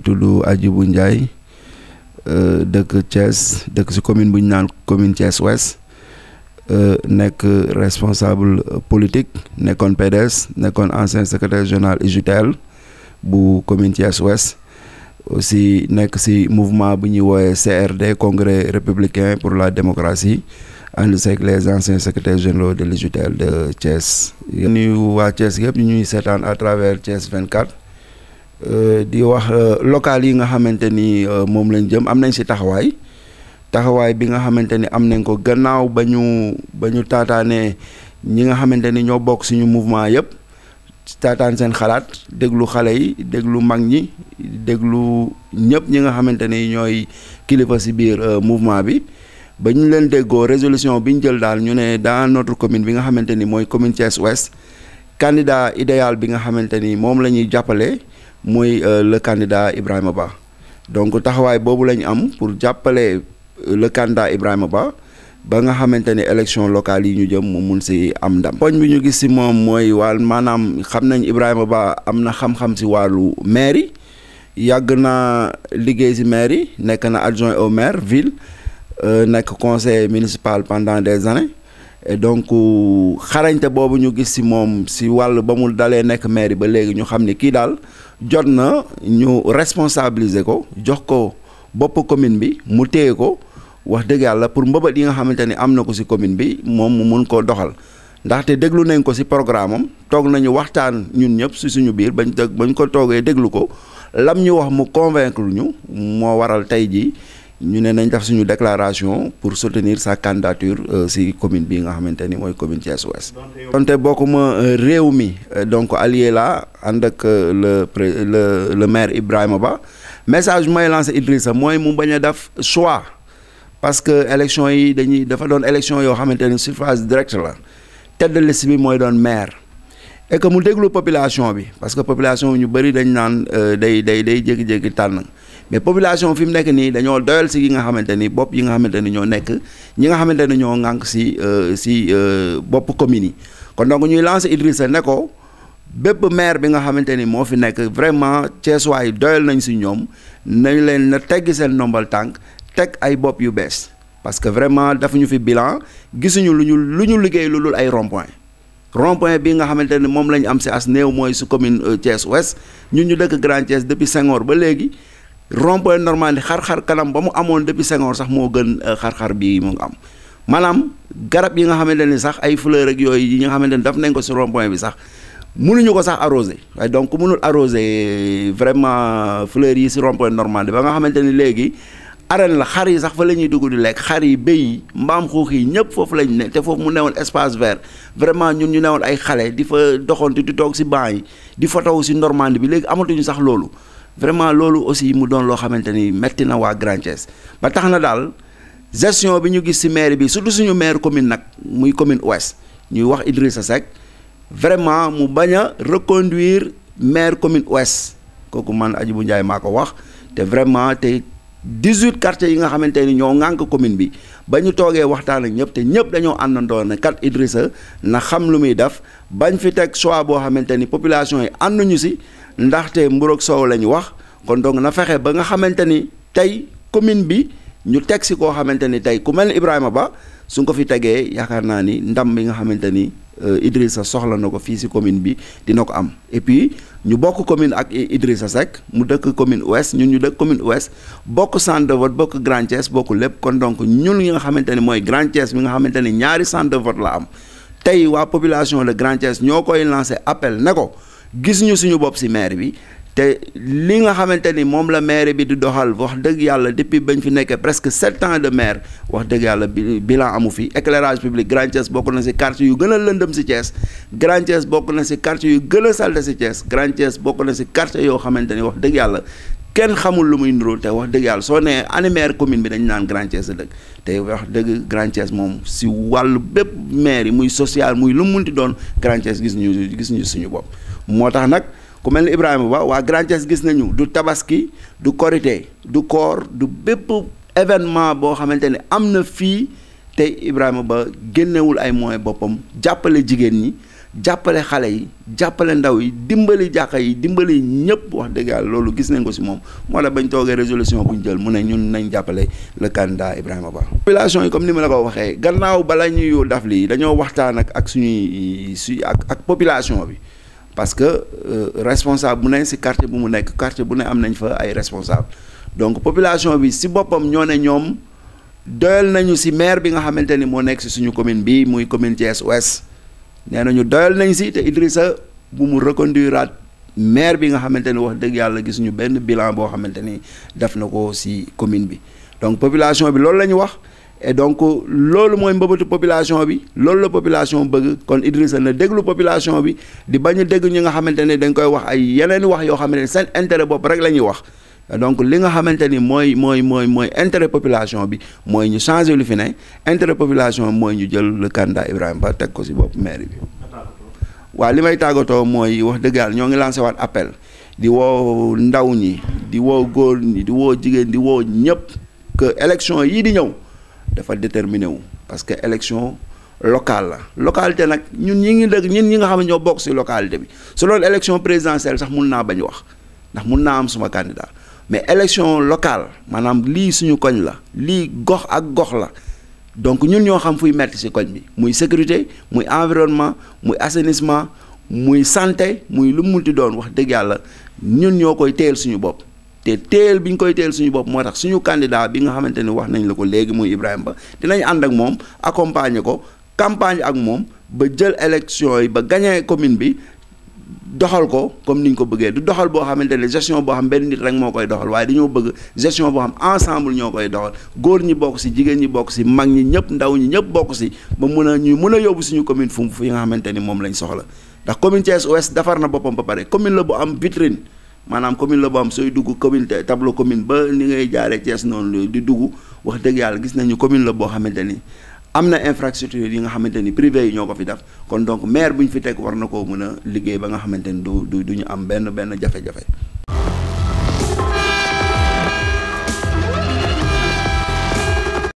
ngi tudd Hadjibou Ndiaye euh, dëkk Thiès dëkk si commune bu ñu naan commune Thiès Ouest euh, nekk responsable politique nekkoon PDS nekkoon ancien secrétaire général UJTL bu commune Thiès Ouest aussi nekk si mouvement bu ñuy woowee CRD congrès républicain pour la démocratie ànd seeg les anciens secrétaires généraux de l'UJTL de Thiès. nuyu waa Thiès yëpp ñu ñuy seetaan à travers Thiès 24. Euh, di wax euh, local yi nga xamante ni euh, moom lañ jëm am nañ si taxawaay taxawaay bi nga xamante ni am nañ ko gannaaw ba ñu ba ñu taataanee ñi nga xamante ni ñoo bokk suñu mouvement yëpp taataan seen xalaat déglu xale yi déglu mag ñi déglu ñëpp ñi nga xamante ni ñooy kilifa si biir mouvement bi ba ñu leen déggoo résolution bi ñu jël daal ñu ne dans notre commune bi nga xamante ni mooy commune Thiès Ouest candidat idéal bi nga xamante ni moom la ñuy jàppale mooy euh, le candidat Ibrahima Ba donc taxawaay boobu la ñu am pour jàppale euh, le candidat Ibrahima Ba ba nga xamante ne élection locale yi ñu jëm mu mun si am ndam. poñ bi ñu gis si moom mooy waa maanaam xam nañ Ibrahima Ba am na xam-xam si wàllu mairie yàgg na liggéey si mairie nekk na adjoint au maire ville euh, nekk conseil municipal pendant des années et donc xarañte boobu ñu gis si moom si wàll ba mu dalee nekk mairie ba léegi ñu xam ni kii daal. jot na ñu responsabiliser ko jox ko bopp commune bi mu téye ko wax dëgg yàlla pour mbëbët yi nga xamante ni am na ko ci commune bi moom mu mun koo doxal ndaxte déglu nañ ko ci programme am toog nañu waxtaan ñun ñëpp si suñu biir bañ bañ ko toogee déglu ko lam ñu wax mu convaincre ñu moo waral tey jii. ñu ne nañ def suñu déclaration pour soutenir sa candidature euh, si commune bi nga xamante ni mooy commune Thiès Ouest. donte ma euh, réew mi euh, donc allié la ànd ak le pré le le maire Ibrahima Ba message bi may lancé Idrissa mooy mu bañ a def choix parce que élection yi dañuy dafa doon élection yoo xamante ni suffrage direct la tête de bi mooy doon maire. et que mu déglu population bi parce que population ñu bëri dañ naan day day day jékki-jékki tànn. mais population fi mu nekk nii dañoo doyal si yi nga xamante ni bopp yi nga xamante ni ñoo nekk ñi nga xamante ni ñoo ŋànk si euh, si euh, bopp communes yi kon donc ñuy lancer Idrissa ne ko bépp maire bi nga xamante ni moo fi nekk vraiment Ceesuwaay yi doyal nañ si ñoom nañ leen na seen ndombal tànk teg ay bopp yu bees parce que vraiment dafa fi bilan gisuñu lu ñu lu ñu liggéey lu dul ay rond-point rond nga xamante ne moom la ñu am si as néew mooy su commune euh, Thiès Ouest ñun ñu dëkk Grand Thiès depuis Senghor ba léegi rond-point xar-xar kanam ba mu amoon depuis Senghor sax moo gën euh, xar-xar bii mu am manaam garab yi nga xamante ni sax ay fleur ak yooyu yi nga xamante ni daf nañ ko si rond bi sax mënuñu ko sax arrosé donc munul arrosé vraiment fleurs yi si rond-point Normandie ba nga xamante ni léegi arène la xar yi sax fa la ñuy dugg di lekk xar yi béy yi mbaam xuux yi ñëpp foofu lañ ne te foofu mu newoon espace vert vraiment ñun ñu newoon ay xale di fa doxantu di toog si banc yi di si Normandie bi léegi amatuñu sax loolu vraiment loolu aussi mu doon loo xamante ni metti na waa Grand ba tax na daal gestion bi ñu gis ci maire bi surtout suñu maire commune nag muy commune ouest ñuy wax sa Seck vraiment mu bañ a reconduire maire commune ouest kooku man Hadjibou njaay maa ko wax te vraiment tey te 18 quartiers yi nga xamante ni ñoo ŋànk commune bi ba ñu toogee waxtaan ak ñëpp te ñëpp dañoo àndandoo ne kat sa na xam lu muy def bañ fi teg choix boo xamante ni population yi ànduñu si ndaxte mburu ak soow lañ wax kon donc na fexe ba nga xamante ni tey commune bi ñu teg si koo xamante ni tey ku mel ni Ibrahima Ba su ko fi tegee yaakaar naa ni ndam bi nga xamante ni euh, Idrissa soxla na ko fii si commune bi dina ko am et puis ñu bokk commune ak Idrissa Seck mu dëkk commune ouest ñun ñu dëkk commune ouest bokk centre de vote bokk Grand Thiès bokk lépp kon donc ñun ñi nga xamante ni mooy Grand Thiès mi nga xamante ni ñaari centre de vote la am tey waa population de Grand ñoo koy lancé appel ne ko gis ñu suñu bopp si maire bi te li nga xamante ni moom la maire bi di doxal wax dëgg yàlla depuis bañ fi nekkee presque sept de maire wax dëgg yàlla bilan amu fi éclairage public Grand Thiès bokk na si quartier yu gën a lëndëm si Thiès Grand Thiès na si quartier yu gën a salte si Thiès Grand Thiès bokk na si quartier yoo xamante ni wax dëgg yàlla kenn xamul lu muy niroo te wax dëgg yàlla soo nee ani commune bi dañu naan Grand Thiès la dëkk te wax dëgg Grand Thiès moom si wàllu bépp maire yi muy social muy lu mu munti doon Grand gis ñu gis ñu suñu bopp. moo tax nag ku mel ni Ibrahima Ba waa Grand Thiès gis nañu du tabaski du korité du koor du bépp événement boo xamante ne am na fii tey Ibrahima Ba génnewul ay moyens boppam jàppale jigéen ñi jàppale xale yi jàppale ndaw yi dimbali jàkka yi dimbali ñëpp wax dëgg loolu gis nañ ko si moom moo tax bañ toogee résolution bu ñu jël mu ne ñun nañ jàppale le candidat Ibrahima Ba. population yi comme ni ma la ko waxee gannaaw bala ñuy daf lii dañoo waxtaan ak ak suñuy su ak ak population bi. parce que euh, responsable bu ne si quartier bu mu nekk quartier bu ne am nañ fa ay responsable donc population bi si boppam ñoo ne ñoom doyal nañu si maire bi nga xamante ni moo nekk si suñu commune bi muy commune Thiès Ouest nee nañu doyal nañ si te Idrissa bu mu reconduiraat maire bi nga xamante ni wax dëgg yàlla gisuñu benn bilan boo xamante ni def na ko si commune bi donc population bi loolu la wax et donc loolu mooy mbëbatu population bi loolu la population bëgg kon Idrissa na déglu population bi di bañ a dégg ñi nga xamante ne dañ koy wax ay yeneen wax yoo xam ne seen intérêt bopp rek la ñuy wax donc li nga xamante ni mooy mooy mooy mooy intérêt population bi mooy ñu changer lu fi ne intérêt population mooy ñu jël le candidat Ibrahima Ba teg ko si bopp maire bi waaw li may tàggatoo mooy wax dëgg yàlla ñoo ngi lancé waat appel di woo ndaw ñi di woo góor ñi di woo jigéen di woo ñëpp que yii di ñëw dafa déterminé wu parce que élection locale la localité nag ñun ñi ngi dëgg ñin ñi nga xam ñoo bokk si localité bi su loolu élection présidentielle sax mun naa bañ wax ndax mun naa am suma candidat mais élection locale maanaam lii suñu koñ la lii gox ak gox la donc ñun ñoo xam fuy metti ci koñ bi muy sécurité muy environnement muy assainissement muy santé muy lu multi doon wax dëgg yàlla ñun ñoo koy téyel suñu bopp te teel bi ñu koy teel suñu bopp moo tax suñu candidat bi nga xamante ne wax nañ la ko léegi muy Ibrahima Ba dinañ ànd ak moom accompagner ko campagne ak moom ba jël élection yi ba gagné commune bi doxal ko comme ni ñu ko bëggee du doxal boo xamante ne gestion boo xam benn nit rek moo koy doxal waaye dañoo bëgg gestion boo xam ensemble ñoo koy doxal góor ñi bokk si jigéen ñi bokk si mag ñi ñëpp ndaw ñi ñëpp bokk si ba mun a ñu mun a yóbbu suñu commune fu mu fi nga xamante ni moom lañ soxla ndax commune Thiès Ouest defar na boppam ba pare commune la bu am vitrine. maanaam commune la boo am sooy dugg commune tableau commune ba ni ngay jaare Thiès noonu di dugg wax dëgg yàlla gis nañu commune la boo xamante ni am na infrastructure yi nga xamante ni privé yi ñoo ko fi def kon donc maire bu ñu fi teg war na koo mën a liggéey ba nga xamante ni du du du ñu am benn benn jafe-jafe.